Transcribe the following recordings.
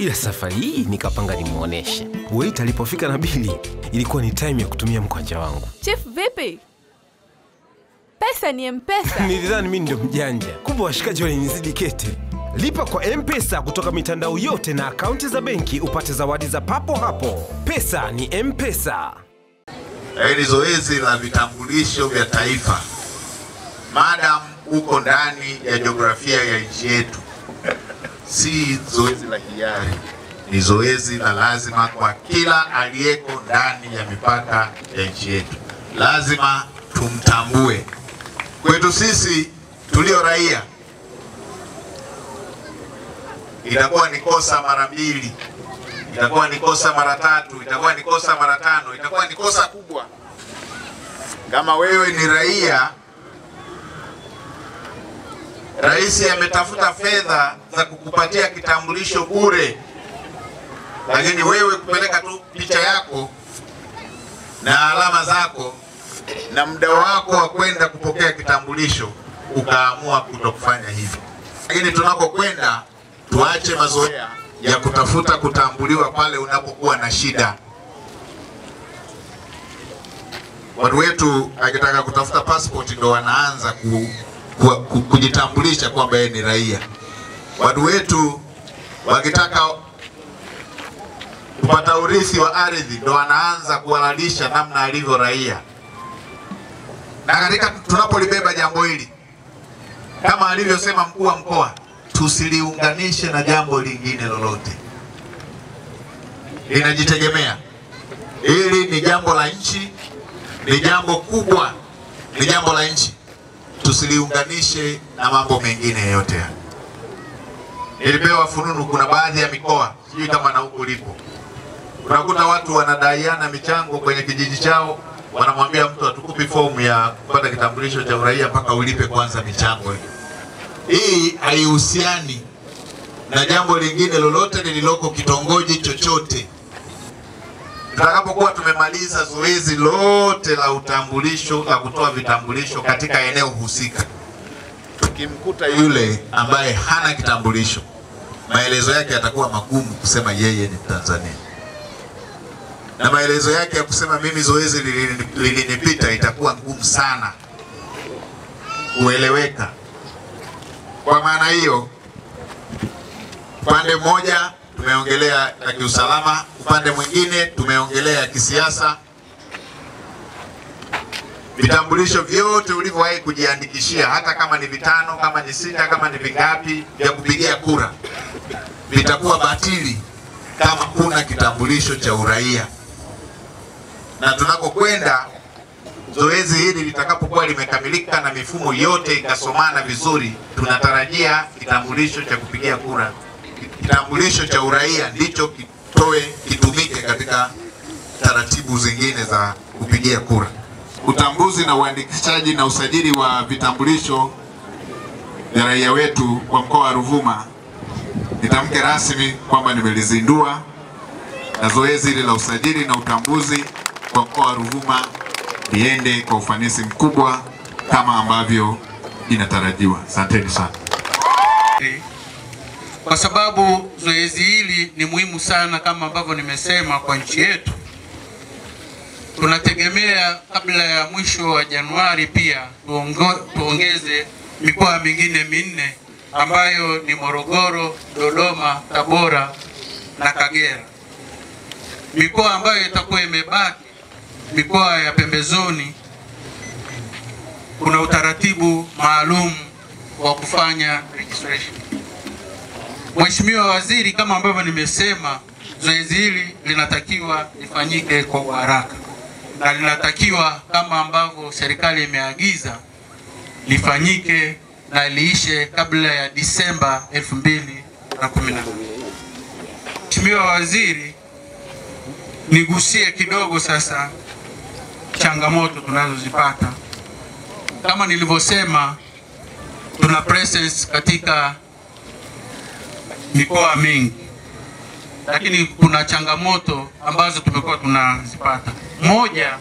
ila safari hii nikapanga nimwoneshe. Wait alipofika na bili, ilikuwa ni time ya kutumia mkwanja wangu. Chief vipi? Pesa ni Mpesa. Nilidhani mimi ndio mjanja, kumbe washikaji walinizidi kete. Lipa kwa Mpesa kutoka mitandao yote na akaunti za benki upate zawadi za papo hapo. Pesa ni Mpesa. Hili zoezi la vitambulisho vya taifa, madam uko ndani ya jiografia ya nchi yetu, si zoezi la hiari, ni zoezi la lazima kwa kila aliyeko ndani ya mipaka ya nchi yetu. Lazima tumtambue. Kwetu sisi tulio raia, itakuwa ni kosa mara mbili, itakuwa ni kosa mara tatu, itakuwa ni kosa mara tano, itakuwa ni kosa kubwa. Kama wewe ni raia Rais ametafuta fedha za kukupatia kitambulisho bure, lakini wewe kupeleka tu picha yako na alama zako na muda wako wa kwenda kupokea kitambulisho, ukaamua kutokufanya hivyo. Lakini tunakokwenda tuache mazoea ya kutafuta kutambuliwa pale unapokuwa na shida. Watu wetu akitaka kutafuta passport ndo wanaanza ku kujitambulisha kwamba yeye ni raia. Watu wetu wakitaka kupata urithi wa ardhi ndo anaanza kuhalalisha namna alivyo raia, na katika tunapolibeba jambo hili kama alivyosema mkuu wa mkoa, tusiliunganishe na jambo lingine lolote, linajitegemea. Hili ni jambo la nchi, ni jambo kubwa, ni jambo la nchi tusiliunganishe na mambo mengine yote. Nilipewa fununu, kuna baadhi ya mikoa, sijui kama na huku lipo, unakuta watu wanadaiana michango kwenye kijiji chao, wanamwambia mtu atukupi fomu ya kupata kitambulisho cha uraia mpaka ulipe kwanza michango hiyo. Hii haihusiani na jambo lingine lolote lililoko kitongoji chochote tutakapokuwa tumemaliza zoezi lote la utambulisho la kutoa vitambulisho katika eneo husika, tukimkuta yule ambaye hana kitambulisho, maelezo yake yatakuwa magumu kusema yeye ni Mtanzania, na maelezo yake ya kusema mimi zoezi lilinipita itakuwa ngumu sana kueleweka. Kwa maana hiyo, pande moja tumeongelea ya kiusalama, upande mwingine tumeongelea ya kisiasa. Vitambulisho vyote ulivyowahi kujiandikishia, hata kama ni vitano, kama ni sita, kama ni vingapi vya kupigia kura, vitakuwa batili kama kuna kitambulisho cha uraia. Na tunakokwenda zoezi hili litakapokuwa limekamilika na mifumo yote ikasomana vizuri, tunatarajia kitambulisho cha kupigia kura kitambulisho cha uraia ndicho kitoe kitumike katika taratibu zingine za kupigia kura. Utambuzi na uandikishaji na usajili wa vitambulisho vya raia wetu kwa mkoa wa Ruvuma, nitamke rasmi kwamba nimelizindua na zoezi hili la usajili na utambuzi kwa mkoa wa Ruvuma liende kwa ufanisi mkubwa kama ambavyo inatarajiwa. Asanteni sana kwa sababu zoezi hili ni muhimu sana, kama ambavyo nimesema, kwa nchi yetu. Tunategemea kabla ya mwisho wa Januari pia tuongo, tuongeze mikoa mingine minne ambayo ni Morogoro, Dodoma, Tabora na Kagera. Mikoa ambayo itakuwa imebaki, mikoa ya pembezoni, kuna utaratibu maalum wa kufanya registration. Mheshimiwa Waziri, kama ambavyo nimesema, zoezi hili linatakiwa lifanyike kwa haraka na linatakiwa kama ambavyo serikali imeagiza lifanyike na liishe kabla ya Disemba 2012. Mheshimiwa Waziri, nigusie kidogo sasa changamoto tunazozipata. Kama nilivyosema, tuna presence katika mikoa mingi, lakini kuna changamoto ambazo tumekuwa tunazipata. Moja,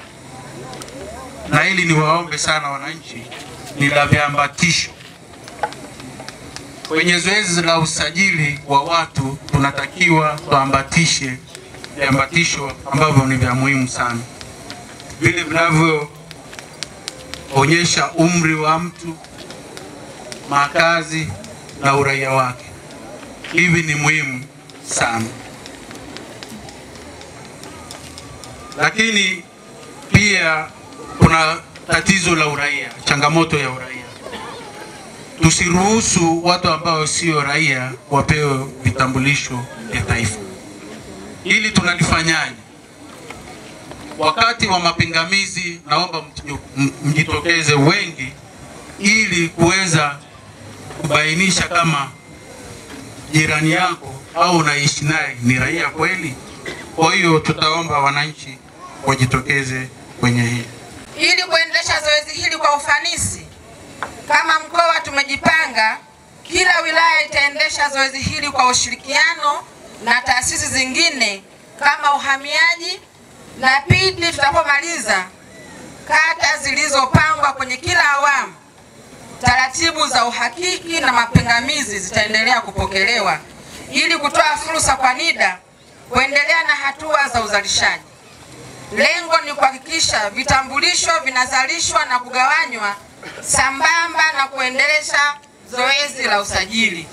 na hili ni waombe sana wananchi, ni la viambatisho kwenye zoezi la usajili wa watu tunatakiwa tuambatishe viambatisho ambavyo ni vya muhimu sana, vile vinavyoonyesha umri wa mtu, makazi na uraia wake hivi ni muhimu sana. Lakini pia kuna tatizo la uraia, changamoto ya uraia. Tusiruhusu watu ambao sio raia wapewe vitambulisho vya taifa. Hili tunalifanyaje? Wakati wa mapingamizi, naomba mjitokeze wengi ili kuweza kubainisha kama jirani yako au unaishi naye ni raia kweli? Kwa hiyo tutaomba wananchi wajitokeze kwenye hili ili kuendesha zoezi hili kwa ufanisi. Kama mkoa tumejipanga, kila wilaya itaendesha zoezi hili kwa ushirikiano na taasisi zingine kama uhamiaji, na pindi tutapomaliza kata zilizopangwa kwenye kila awamu taratibu za uhakiki na mapingamizi zitaendelea kupokelewa ili kutoa fursa kwa NIDA kuendelea na hatua za uzalishaji. Lengo ni kuhakikisha vitambulisho vinazalishwa na kugawanywa sambamba na kuendelesha zoezi la usajili.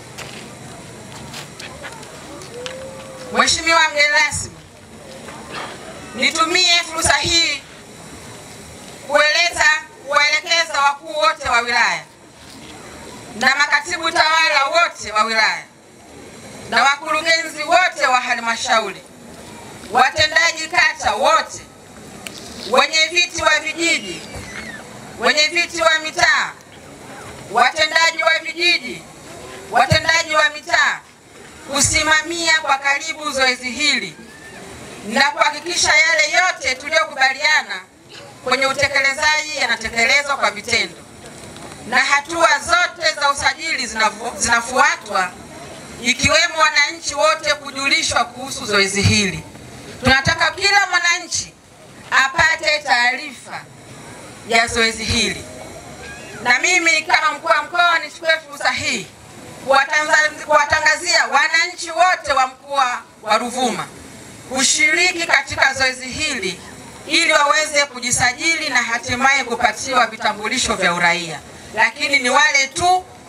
Mheshimiwa mgeni rasmi, nitumie fursa hii utawala tawala wote wa wilaya na wakurugenzi wote wa halmashauri, watendaji kata wote, wenye viti wa vijiji, wenye viti wa mitaa, watendaji wa vijiji, watendaji wa mitaa kusimamia kwa karibu zoezi hili na kuhakikisha yale yote tuliyokubaliana kwenye utekelezaji yanatekelezwa kwa vitendo na hatua zote za zinafu, zinafuatwa ikiwemo wananchi wote kujulishwa kuhusu zoezi hili. Tunataka kila mwananchi apate taarifa ya zoezi hili, na mimi kama mkuu wa mkoa nichukue fursa hii kuwatangazia wananchi wote wa mkoa wa Ruvuma kushiriki katika zoezi hili ili waweze kujisajili na hatimaye kupatiwa vitambulisho vya uraia, lakini ni wale tu